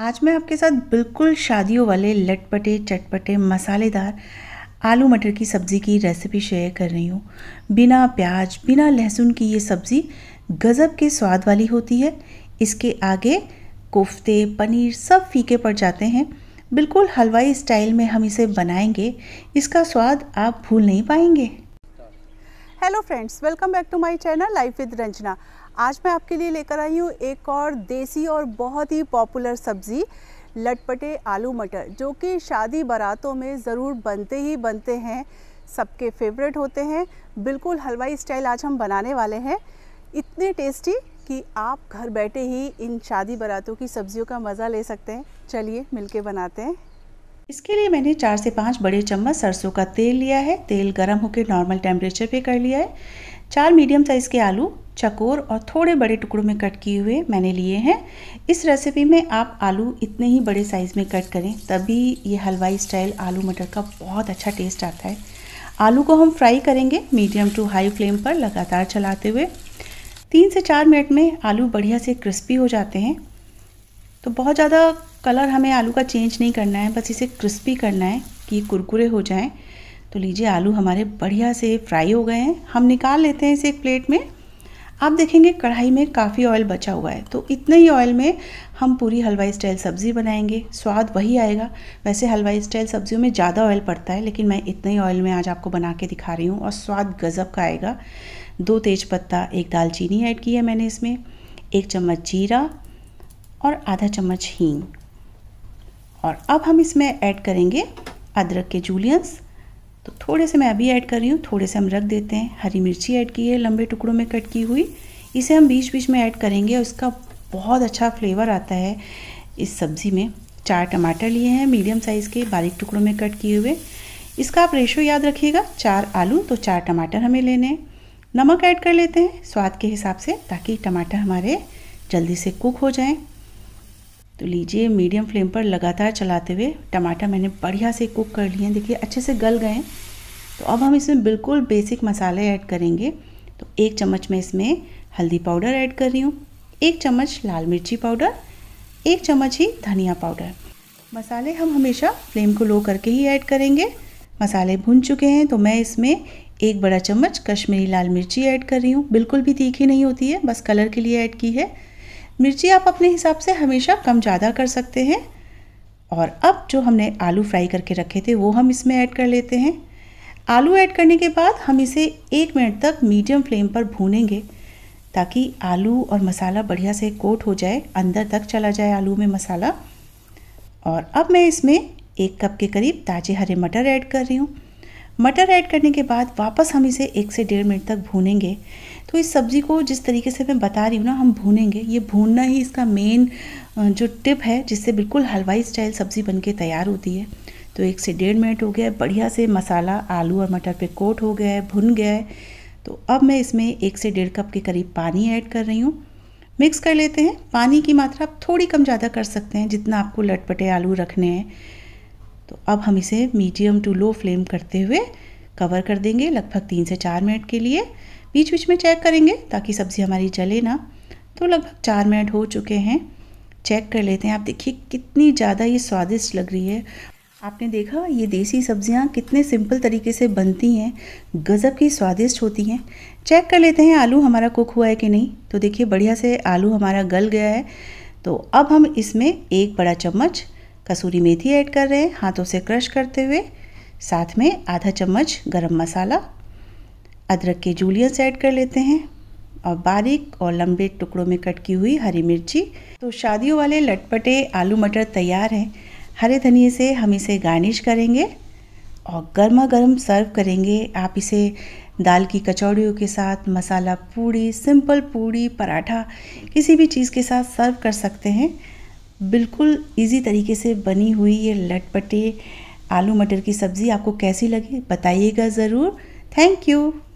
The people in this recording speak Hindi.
आज मैं आपके साथ बिल्कुल शादियों वाले लटपटे चटपटे मसालेदार आलू मटर की सब्ज़ी की रेसिपी शेयर कर रही हूँ बिना प्याज बिना लहसुन की ये सब्ज़ी गज़ब के स्वाद वाली होती है इसके आगे कोफ्ते पनीर सब फीके पड़ जाते हैं बिल्कुल हलवाई स्टाइल में हम इसे बनाएंगे इसका स्वाद आप भूल नहीं पाएंगे hello friends welcome back to my channel life with Ranjana आज मैं आपके लिए लेकर आई हूँ एक और देसी और बहुत ही पॉपुलर सब्ज़ी लटपटे आलू मटर जो कि शादी बारातों में ज़रूर बनते ही बनते हैं सबके फेवरेट होते हैं बिल्कुल हलवाई स्टाइल आज हम बनाने वाले हैं इतने टेस्टी कि आप घर बैठे ही इन शादी बारातों की सब्ज़ियों का मज़ा ले सकते हैं चलिए मिल बनाते हैं इसके लिए मैंने चार से पाँच बड़े चम्मच सरसों का तेल लिया है तेल गर्म होकर नॉर्मल टेम्परेचर पे कर लिया है चार मीडियम साइज़ के आलू चकोर और थोड़े बड़े टुकड़ों में कट किए हुए मैंने लिए हैं इस रेसिपी में आप आलू इतने ही बड़े साइज़ में कट करें तभी ये हलवाई स्टाइल आलू मटर का बहुत अच्छा टेस्ट आता है आलू को हम फ्राई करेंगे मीडियम टू हाई फ्लेम पर लगातार चलाते हुए तीन से चार मिनट में आलू बढ़िया से क्रिस्पी हो जाते हैं तो बहुत ज़्यादा कलर हमें आलू का चेंज नहीं करना है बस इसे क्रिस्पी करना है कि कुरकुरे हो जाएं तो लीजिए आलू हमारे बढ़िया से फ्राई हो गए हैं हम निकाल लेते हैं इसे एक प्लेट में आप देखेंगे कढ़ाई में काफ़ी ऑयल बचा हुआ है तो इतने ही ऑयल में हम पूरी हलवाई स्टाइल सब्ज़ी बनाएंगे स्वाद वही आएगा वैसे हलवाई स्टाइल सब्जियों में ज़्यादा ऑयल पड़ता है लेकिन मैं इतने ही ऑयल में आज आपको बना के दिखा रही हूँ और स्वाद गज़ब का आएगा दो तेज़पत्ता एक दालचीनी ऐड की है मैंने इसमें एक चम्मच जीरा और आधा चम्मच हींग और अब हम इसमें ऐड करेंगे अदरक के जूलियंस तो थोड़े से मैं अभी ऐड कर रही हूँ थोड़े से हम रख देते हैं हरी मिर्ची ऐड की है लंबे टुकड़ों में कट की हुई इसे हम बीच बीच में ऐड करेंगे और इसका बहुत अच्छा फ्लेवर आता है इस सब्ज़ी में चार टमाटर लिए हैं मीडियम साइज़ के बारीक टुकड़ों में कट किए हुए इसका आप रेशो याद रखिएगा चार आलू तो चार टमाटर हमें लेने हैं नमक ऐड कर लेते हैं स्वाद के हिसाब से ताकि टमाटर हमारे जल्दी से कुक हो जाएं तो लीजिए मीडियम फ्लेम पर लगातार चलाते हुए टमाटर मैंने बढ़िया से कुक कर लिए हैं देखिए अच्छे से गल गए तो अब हम इसमें बिल्कुल बेसिक मसाले ऐड करेंगे तो एक चम्मच मैं इसमें हल्दी पाउडर ऐड कर रही हूँ एक चम्मच लाल मिर्ची पाउडर एक चम्मच ही धनिया पाउडर मसाले हम हमेशा फ्लेम को लो करके ही ऐड करेंगे मसाले भुन चुके हैं तो मैं इसमें एक बड़ा चम्मच कश्मीरी लाल मिर्ची ऐड कर रही हूँ बिल्कुल भी तीखी नहीं होती है बस कलर के लिए ऐड की है मिर्ची आप अपने हिसाब से हमेशा कम ज़्यादा कर सकते हैं और अब जो हमने आलू फ्राई करके रखे थे वो हम इसमें ऐड कर लेते हैं आलू ऐड करने के बाद हम इसे एक मिनट तक मीडियम फ्लेम पर भूनेंगे ताकि आलू और मसाला बढ़िया से कोट हो जाए अंदर तक चला जाए आलू में मसाला और अब मैं इसमें एक कप के करीब ताजे हरे मटर ऐड कर रही हूँ मटर ऐड करने के बाद वापस हम इसे एक से डेढ़ मिनट तक भूनेंगे तो इस सब्ज़ी को जिस तरीके से मैं बता रही हूँ ना हम भूनेंगे ये भूनना ही इसका मेन जो टिप है जिससे बिल्कुल हलवाई स्टाइल सब्ज़ी बन के तैयार होती है तो एक से डेढ़ मिनट हो गया बढ़िया से मसाला आलू और मटर पे कोट हो गया है भुन गया है तो अब मैं इसमें एक से डेढ़ कप के करीब पानी ऐड कर रही हूँ मिक्स कर लेते हैं पानी की मात्रा आप थोड़ी कम ज़्यादा कर सकते हैं जितना आपको लटपटे आलू रखने हैं तो अब हम इसे मीडियम टू लो फ्लेम करते हुए कवर कर देंगे लगभग तीन से चार मिनट के लिए बीच बीच में चेक करेंगे ताकि सब्ज़ी हमारी जले ना तो लगभग चार मिनट हो चुके हैं चेक कर लेते हैं आप देखिए कितनी ज़्यादा ये स्वादिष्ट लग रही है आपने देखा ये देसी सब्जियां कितने सिंपल तरीके से बनती हैं गज़ब की स्वादिष्ट होती हैं चेक कर लेते हैं आलू हमारा कुक हुआ है कि नहीं तो देखिए बढ़िया से आलू हमारा गल गया है तो अब हम इसमें एक बड़ा चम्मच कसूरी मेथी ऐड कर रहे हैं हाथों से क्रश करते हुए साथ में आधा चम्मच गरम मसाला अदरक के जूलियंस ऐड कर लेते हैं और बारीक और लंबे टुकड़ों में कट की हुई हरी मिर्ची तो शादियों वाले लटपटे आलू मटर तैयार हैं हरे धनिए से हम इसे गार्निश करेंगे और गर्मा गर्म सर्व करेंगे आप इसे दाल की कचौड़ियों के साथ मसाला पूड़ी सिंपल पूड़ी पराठा किसी भी चीज़ के साथ सर्व कर सकते हैं बिल्कुल इजी तरीके से बनी हुई ये लटपटे आलू मटर की सब्ज़ी आपको कैसी लगी बताइएगा ज़रूर थैंक यू